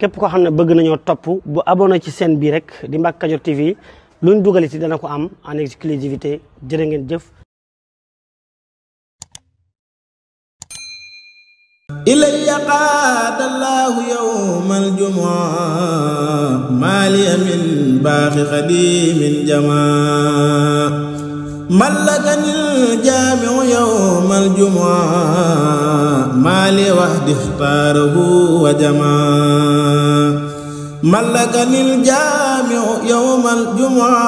képp koo xam ne bëgg nañu topp bu abonné ci seen bii rek di Mbacke Kadior TV lu ñu dugal ci dana ko am en exclusivité jërë ngeen jëf ilay yaqaadallaahu yawmal jumaa maaliya min baaxi xadimin jamaa mallakanil jaamiu yawmal jumaa maaliya wax dixtaarahu wa jamaa malakani ljaamiu yowma aljumua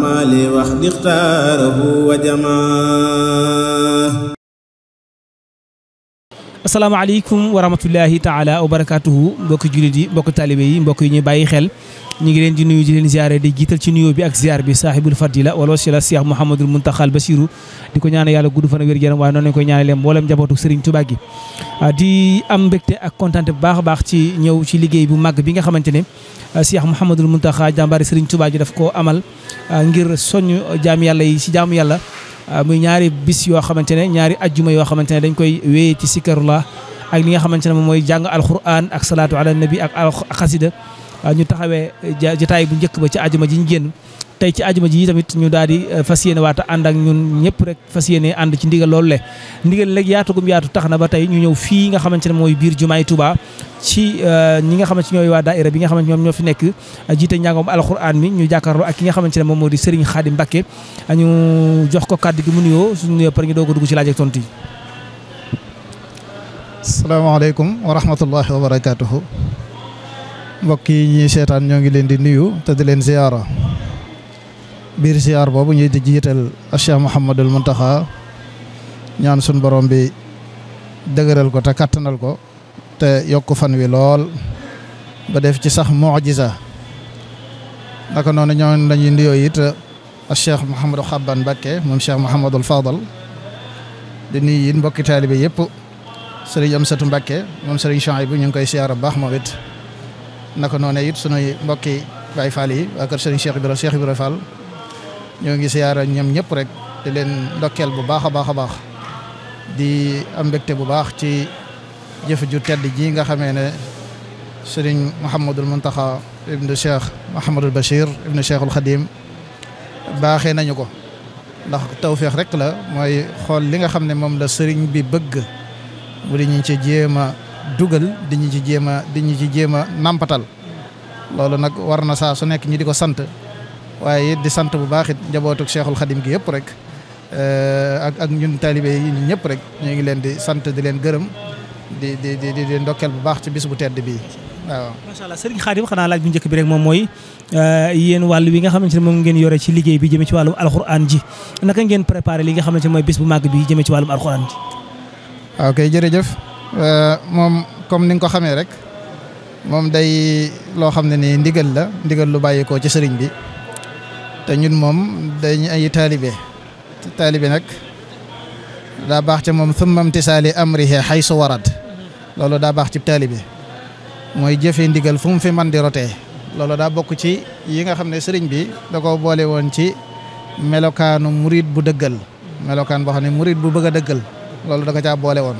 maa li wax dixtaarahu wa jamaa asalaamaaleykum wa rahmatullahi taala wa barakatuhu mbokki jullit yi mbokki taalibe yi mbokk yi ñuy bàyyi xel ñu ngi leen di nuyu di leen ziare di jiital ci nuyoo bi ak ziar bi saaxibul fadila wala wasila Cheikh Mouhamadul Muntaxal Basiru di ko ñaane yàlla gudd fan ak wér-gu-yaram waaye noonu lañ koy ñaane leen mboolem njabootu ah, di am mbégte ak kontante bu baax a baax ci ñëw ci liggéey bu màgg bi nga xamante ne ah, Cheikh Mouhamadul Muntaxa jàmbaari Serigne Touba ji daf ko amal ah, ngir soññ jaam yàlla yi si jaamu muy ñaari bis yoo xamante ne ñaari ajjuma yoo xamante ne dañ koy wéyee ci sikkarullah ak li nga xamante ne moom mooy jàng alquran ak salaatu ala nabi ak xasida a euh, ñu taxawee euh, jotaay bu njëkk ba ci ajuma ji ñu génn tey ci ajuma ji tamit ñu daal di euh, fas yéene waata ànd ak ñun ñëpp rek fas yéene ànd ci ndigal lool le ndigal léegi yaatu gum yaatu tax na tey ñu ñëw fii nga xamante ne mooy biir jumaay Touba ci ñi nga xamante ñooy waa daaira bi nga xamante ñoom ñoo fi nekk jiite njàngoom alxuraan mi ñu jàkkaarloo ak ki nga xamante ne moom moo di Serigne Khadim Mbacké ñu jox ko kàddu gi mu nuyoo suñu nuyoo pare ñu doog a dugg ci laaj ak tontu yi. salaamaaleykum wa rahmatullahi wa barakaatuhu. mbokk yi ñuy seetaan ñoo ngi leen di nuyu te di leen ziyaara biir ziyaar boobu ñuy di jiital Cheikh Mouhamadul Muntaxa ñaan sun borom bi dëgëral ko te kattanal ko te yokk fan wi lool ba def ci sax mujiza naka noonu ñoo lañuy nuyoo it Cheikh Mouhamadou Xabban Mbakke moom Cheikh Mouhamadul Fadal di nuyu it mbokki taalibe yëpp Serigne Amsatu Mbakke moom Serigne Chouaïbou ñu ngi koy ziyaara baax moom it naka noonee it sunuy mbokki Baye Fall yi waa kër Serigne Cheikh Ibrahima Cheikh Ibrahima Fall ñoo ngi siyaara ñoom ñëpp rek di leen ndokkeel bu baax a baax a baax di am mbégte bu baax ci jëf ju tedd ji nga xamee ne Serigne Mouhamadul Mountakha ibnu Cheikh Mouhamadul Bachir ibnu Cheikhul Khadim baaxee nañu ko ndax tawféex rek la mooy xool li nga xam ne moom la sëriñ bi bëgg bu di ñu dugal diñu ci jéem a diñu ci jéem a nàmpatal loolu nag war na saa su nekk ñi di ko sant waaye di sant bu baax it njabootuk Cheikhul xadim gi yëpp rek eh, ak ak ñun taalibe yi ñëpp rek ñu ngi leen di sant di leen gërëm di di di di ndokkeel bu baax ci bis bu tedd bii waaw. macha allah Serigne Khadim xanaa laaj bu njëkk bi rek moom mooy eh, yéen wàll wi nga xamante ne moom ngeen yore ci liggéey bi jëmee ci wàllum alxuraan ji naka ngeen préparé li nga xamante ne mooy bis bu màgg bi jëmee ci wàllum alxuraan ji. ok jërëjëf. Euh, moom comme ni nga ko xamee rek moom day loo xam ne nii ndigal la ndigal lu bàyyikoo ci sëriñ bi te ñun moom dañu ay taalibe taalibe nag daa baax ci moom thumma imtisaali amrihi haysu warad loolu daa baax ci taalibe mooy jëfe ndigal fu mu fi man di rotee loolu daa bokk ci yi nga xam ne sëriñ bi da ko boole woon ci melokaanu murid bu dëggal melokaan boo xam ne murid bu bëgg a dëggal loolu da ko caa boole woon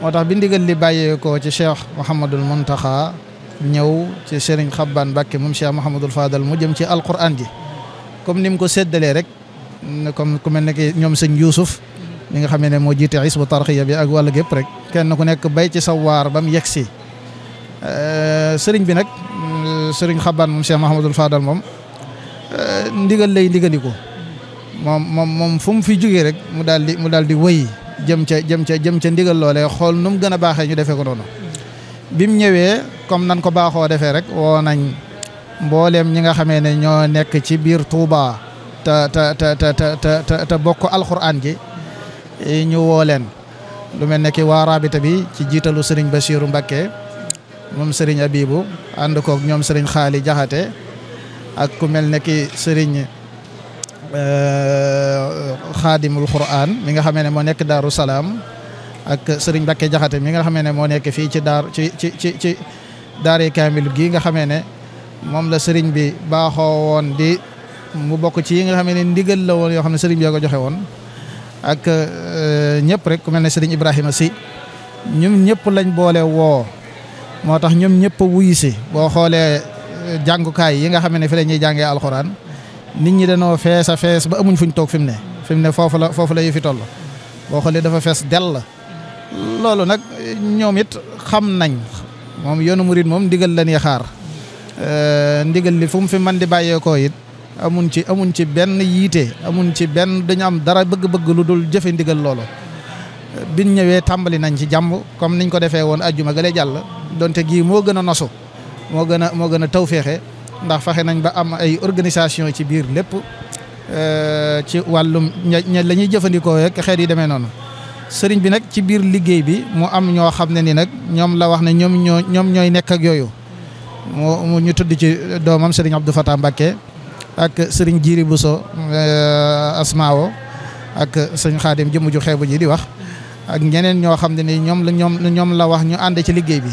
moo tax bi ndigal li bàyyeekoo ci cheikh Mouhamadul Mountakha ñëw ci Serigne Xabbaan Mbàkke moom cheikh Mouhamadul Fadal mu jëm ci alquran ji comme ni mu ko seddalee rek comme ku mel ne ki ñoom sëñ Yuusuf mi nga xam ne moo jiite isbu tarxiya bi ak wàll gépp rek kenn ku nekk bay ci sa waar ba mu yegg si euh, sëriñ bi nag sëriñ Xabbaan moom cheikh Mouhamadul Fadal moom euh, ndigal lay ndigaliko moom moom moom fu mu fi jógee rek mu daal di mu daal di wëy jëm ca jëm ca jëm ca ndigal loolee xool nu mu gën a baaxee ñu defee ko noonu bim ñëwee comme nan ko baaxoo defee rek woo nañ mbooleem ñi nga xamee ne ñoo nekk ci biir Touba te te te te te bokk alxuraan ji ñu woo leen lu mel ne ki waa bi ci jiitalu Serigne Bassirou Mbacké moom Serigne Abibou ànd koog ñoom Serigne Xaali Jaxate ak ku mel ne ki Serigne Euh, xaadimul Qur'an mi nga xamee ne moo nekk Daaru Salaam ak Serigne Mbacke Jaxate mi nga xamee ne moo nekk fii ci daar ci ci ci ci daaree kaamil gii nga xamee ne moom la Serigne bi baaxoo woon di mu bokk ci yi nga xamee ne ndigal la woon yoo xam ne Serigne bi ko joxe woon ak euh, ñëpp rek ku mel ne Serigne Ibrahima si ñum ñëpp lañ boole woo moo tax ñoom ñëpp wuyu si boo xoolee euh, jàngukaay yi nga xam ne fi la ñuy jàngee alxuraan. nit ñi danoo fees a fees ba amuñ fuñ toog fi mu ne fi mu ne foofu la foofu la yëfi toll boo xoolee dafa fees dell la loolu nag ñoom it xam nañ moom yoonu murit moom ndigal la xaar euh, ndigal li fu mu fi man di bàyyeekoo it amuñ ci amuñ ci benn yiite amuñ ci benn dañu am dara bëgg-bëgg lu dul jëfe ndigal loolu biñ ñëwee tàmbali nañ ci jàmm comme niñ ko defee woon ajjuma gële jàll donte gii moo gën a nosu moo gën a moo gën a tawféexe ndax fexe nañ ba am ay organisation ci biir lépp euh, ci wàllum ña la ñuy jëfandikoo rek xeet yi demee noonu sëriñ bi nag ci biir liggéey bi mu am ñoo xam ne nii nag ñoom la wax ne ñoom ñoo ñoom ñooy nekk ak yooyu ñu tudd ci doomam sëriñ Abdou Fatah ak sëriñ Jiri Bousso euh, Asmaawo ak sëriñ Xaadim jëmm ju xeebu di wax ak ñeneen ñoo xam ne ñoom la ñoom ñoom la wax ñu ànd ci liggéey bi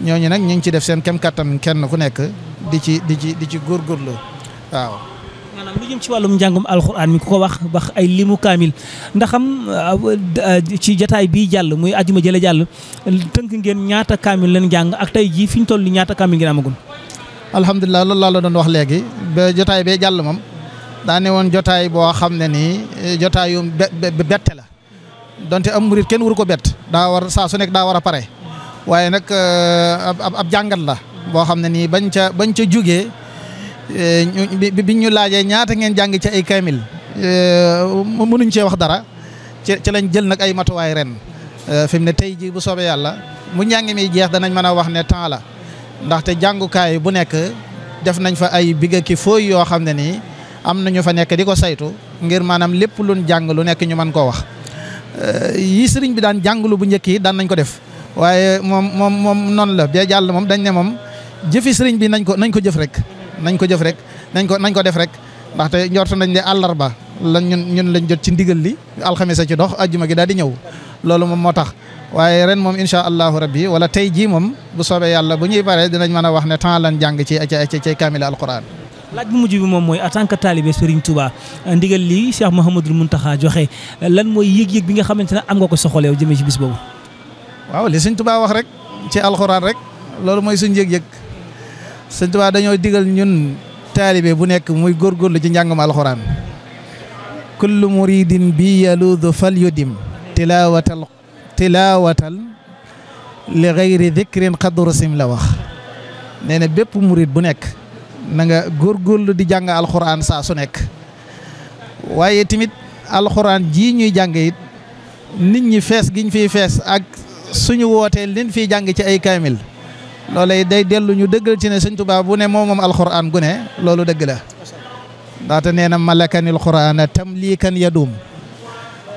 ñooñu nag ñu ngi ci def seen kem kattan kenn ku nekk di ci di ci di ci góorgóorlu waaw. maanaam lu jëm ci wàllum njàngum alxuraan mi ku ko wax wax ay limu kaamil ndax am euh, ci jataay bii jàll muy ajuma jële jàll tënk ngeen ñaata kaamil leen jàng ak tey jii fi ñu toll nii ñaata kaamil ngeen amagum. alhamdulilah loolu laa la doon wax léegi jotaay bee jàll moom daa woon jotaay boo xam ne nii eh, jotaayu bette la donte am murit kenn waru ko bett daa war saa su nekk daa war a pare waaye nag euh, ab ab jàngat la. boo xam ne nii bañ ca bañ ca jugee eh, bi ñu laajee ñaata ngeen jàng ci ay kaamil eh, mënuñ cee wax dara ci lañ jël nag ay matuwaay ren eh, fi ne tey jii bu soobee yàlla mu njàng mi jeex danañ mën a wax ne temps la ndaxte jàngukaay bu nekk def nañ fa ay biga ki fooy yoo xam ne nii am na fa nekk di ko saytu ngir maanaam lépp luñ jàng lu nekk ñu man koo wax yi sëriñ bi daan jàngalu bu njëkk yi daan nañ ko def waaye moom moom moom la bee jàll moom dañ ne moom jëfi sëriñ bi nañ ko nañ ko jëf rek nañ ko jëf rek nañ ko nañ ko def rek ndaxte njort nañ ne àllarba lan ñun ñun lañ jot ci ndigal li alxames ci dox ajjuma gi daal di ñëw loolu moom moo tax waaye ren moom incha allahu rabbi wala tey jii moom bu soobee yàlla bu ñuy paree dinañ man a wax ne temps lan jàng ci ci ci kaamil alquran laaj bu mujj bi moom mooy en tant que taalibe Serigne Touba ndigal lii Cheikh Mouhamadul Mountakha joxe lan mooy yëg-yëg bi nga xamante ne am nga ko soxal yow jëmee ci bis boobu. waaw li Serigne Touba wax rek ci alxuraan rek loolu mooy suñu yëg-yëg sëñ Tuubaa dañoo digal ñun taalibe bu nekk muy góorgóorlu ci njàngum alxuraan kullu muridin bi yaluudu fal yudim tilaawatal tilaawatal li gayri dikrin xadru sim la wax nee na bépp murid bu nekk na góor góorgóorlu di jàng alxuraan saa su nekk waaye tamit alxuraan ji ñuy jàng it nit ñi fees giñ fi fees ak suñu wootee liñ fiy jàng ci ay kaamil loolee day dellu ñu dëggal ci ne sëñ Tuubaa bu ne moom moom alxuraan gu ne loolu dëgg la ndaxte nee na malakanil quraan tamlikan yadum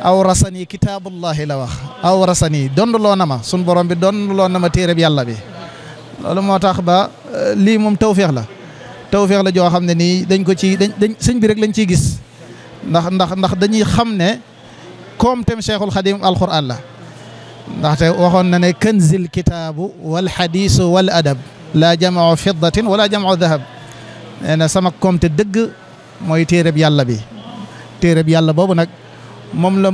aw rasani kitaabullahi la wax aw rasani dond loo na ma sun borom bi dond loo na ma téereb yàlla bi loolu moo tax ba euh, lii moom tawféex la tawféex la joo xam ne nii dañ ko ci dañ sëñ bi rek lañ ciy gis ndax ndax ndax dañuy xam ne koom tem cheikhul xadim alxuraan la ndaxte waxoon na ne kanzil kitaabu wal xadiisu wal adab laa jamao fiddatin wala jamao dahab nee na sama komte dëgg mooy téereb yàlla bi téereb yàlla boobu nag moom la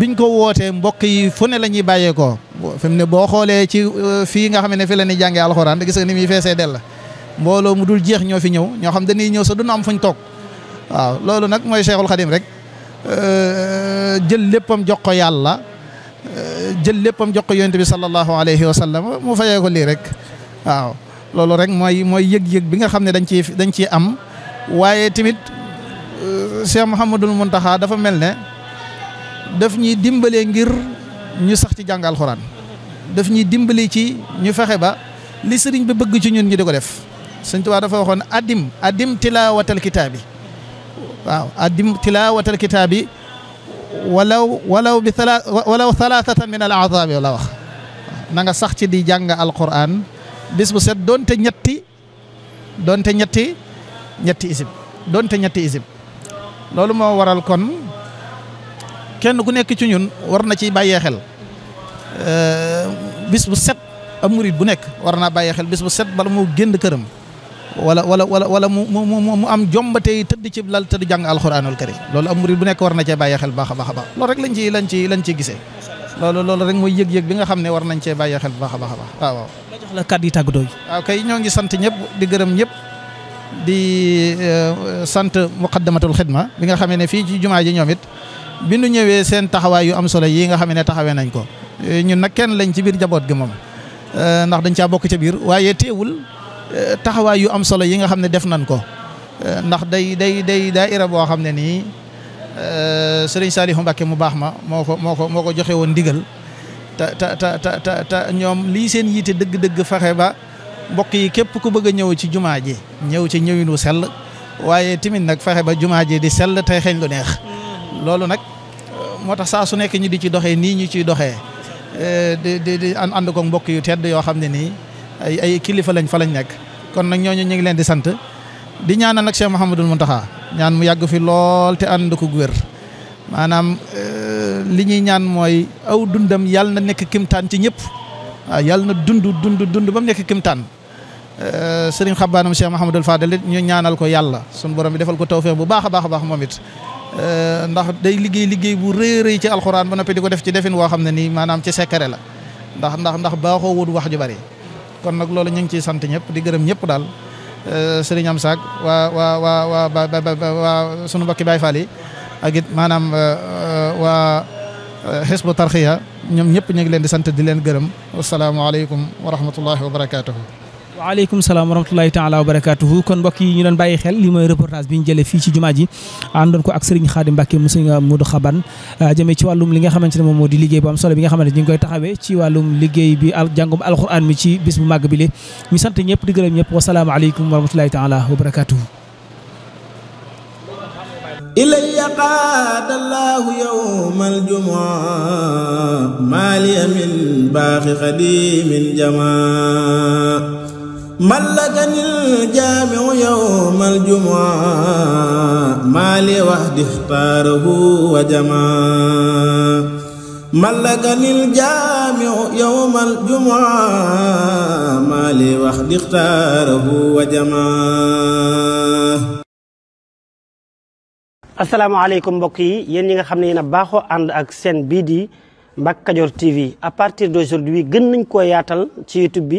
biñ ko wootee mbokk yi fu ne la ñuy bàyyeekoo fi ne boo xoolee ci euh, fii nga xam ne fi la ñuy jàngee alxuraan gis nga ni muy feesee della mbooloo mu dul jeex ñoo fi ñëw ñoo xam dañuy ñëw sa duna am fuñ toog waaw loolu nag mooy Cheikhul Khadim rek euh, jël léppam jox ko yàlla Eh, jël léppam jox ko yonent bi sallallahu alayhi wa sallam mu fayee ko lii rek waaw loolu rek mooy mooy yëg-yëg bi nga xam ne dañ ciy dañ ciy am waaye tamit eh, Cheikh Mouhamadul taxaa dafa mel ne daf ñuy dimbale ngir ñu sax ci jàng alxuraan daf ñuy dimbali ci ñu fexe ba li sëriñ bi bëgg ci ñun ñu di ko def Sëñ Tuubaa dafa waxoon adim adim tilaawatal kitaabi waaw adim tilaawatal kitaabi walaw walaw bi thalaa walaw thalathatan min al azabi la wax na nga sax ci di jàng alquran bis bu set doonte ñetti doonte ñetti ñetti isib doonte ñetti isib loolu moo waral kon kenn ku nekk ci ñun war na ci bàyyee xel bis bu set ab murit bu nekk war naa bàyyee xel bis bu set bala mu génn këram wala wala wala wala mu mu mu mu am jombatey tëdd ci lal tëdd jàng alxuraanul karim loolu am murid bu nekk war na cee bàyyi xel baax a baax a baax loolu lañ ci gisee loolu loolu rek mooy yëg-yëg bi nga xam ne war nañ cee bàyyi xel baax a a baax waaw waaw. yi tàggatoo yi. waaw kay ñoo ngi sant ñëpp di gërëm ñëpp di eh, sant muqaddamatul xidma bi nga xamee ne fii ci jumaa ji ñoom it bi nu ñëwee seen taxawaay yu am solo yi nga xam ne taxawee nañ ko eh, ñun nag kenn lañ ci biir jaboot gi moom eh, ndax dañ caa bokk ci biir waaye teewul taxawaay yu am solo yi nga xam ne def nañ ko ndax day day daa daayira boo xam ne nii eh, sëriñ Saliou Mbacké mu baax ma moo ko moo ko moo ko joxe woon ndigal te ta te te te ñoom lii seen yiite dëgg-dëgg fexe ba mbokk yi képp ku bëgg a ñëw ci jumaa ji ñëw ci ñëwinu sell waaye tamit nag fexe ba jumaa ji di sell tey xeeñ lu neex loolu nag moo tax saa su nekkee ñu di ci doxee nii ñu ciy doxee eh, di di di ànd ko mbokk yu tedd yoo xam ne nii ay ay kilifa lañ fa lañ nekk kon nag ñooñu ñu ngi leen di sant di ñaanal nag Cheikh Mouhamadul Mountakha ñaan mu yàgg fi lool te ànd ko wér maanaam euh, li ñuy ñaan mooy aw dundam yàlla na nekk kimtaan ci ñëpp waaw yàlla na dund dund dund ba mu nekk kimtaan euh, sëriñ xabaanam Cheikh Mouhamadul Fadel it ñu ñaanal ko yàlla sunu borom bi defal ko tawféex bu baax a baax a baax moom it. Euh, ndax day liggéey liggéey bu rëy rëy ci alxuraan ba noppi di ko def ci defin woo xam ne nii maanaam ci secret la ndax ndax ndax baaxoo wut wax ju bari. kon nag loolu ñu ngi ciy sant ñëpp di gërëm ñëpp daal euh, sëriñ am saak waa waa waa waa waa sunu mbokki Baay Faal yi ak it maanaam euh, euh, waa Hizbu Tarxiya ñoom ñëpp ñu ngi leen di sant di leen gërëm wasalaamaaleykum wa rahmatullahi wa barakaatuhu waaleykum salaam wa ta taala wa barakaatuhu kon mbokk yi ñu doon bàyyi xel li mooy reportage bi ñu jëlee fii ci jumaa ji àndoon ko ak Serigne Khadim Mbacke mu Serigne Modou Xaban euh, jëmee ci wàllum li nga xamante ne moom moo di liggéey bu am solo bi nga xamante ne ci wàllum liggéey bi al jàngum mi ci bis bu màgg bi le ñu sant ñëpp di gërëm ñëpp wasalaamu aleykum wa rahmatulahi taala wa barakaatuhu ilayya qaada allahu yawma aljumaa min jamaa ملكني الجامع يوم الجمعة ما لي وحدي اختاره وجمع ملكني الجامع mbokk yi yéen ñi nga xam ne yéen a baaxoo ànd ak seen bii di Mbacke Kadior TV à partir d'aujourd'hui gën nañ koo yaatal ci YouTube bi